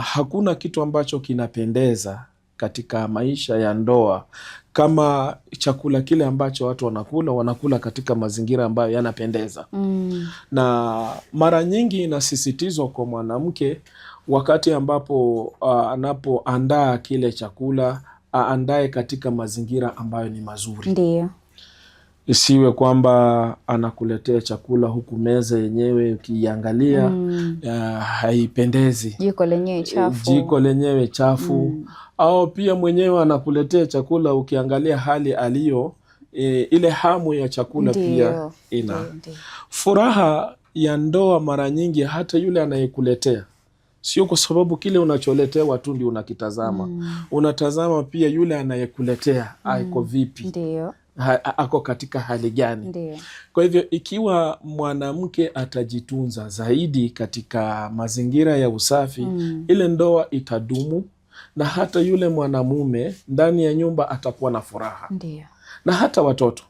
Hakuna kitu ambacho kinapendeza katika maisha ya ndoa kama chakula kile ambacho watu wanakula wanakula katika mazingira ambayo yanapendeza. Mm. Na mara nyingi inasisitizwa kwa mwanamke wakati ambapo uh, anapoandaa kile chakula aandae katika mazingira ambayo ni mazuri. Ndiyo isiwe kwamba anakuletea chakula huku meza yenyewe ukiiangalia mm. uh, haipendezi, jiko lenyewe chafu, jiko lenyewe chafu mm. au pia mwenyewe anakuletea chakula ukiangalia hali aliyo e, ile hamu ya chakula ndiyo. Pia ina ndiyo. Furaha ya ndoa mara nyingi hata yule anayekuletea sio kwa sababu kile unacholetewa tu ndio unakitazama mm. Unatazama pia yule anayekuletea mm. aiko vipi, ndiyo ha, ako katika hali gani? Kwa hivyo ikiwa mwanamke atajitunza zaidi katika mazingira ya usafi mm. ile ndoa itadumu na hata yule mwanamume ndani ya nyumba atakuwa na furaha. Ndiyo. na hata watoto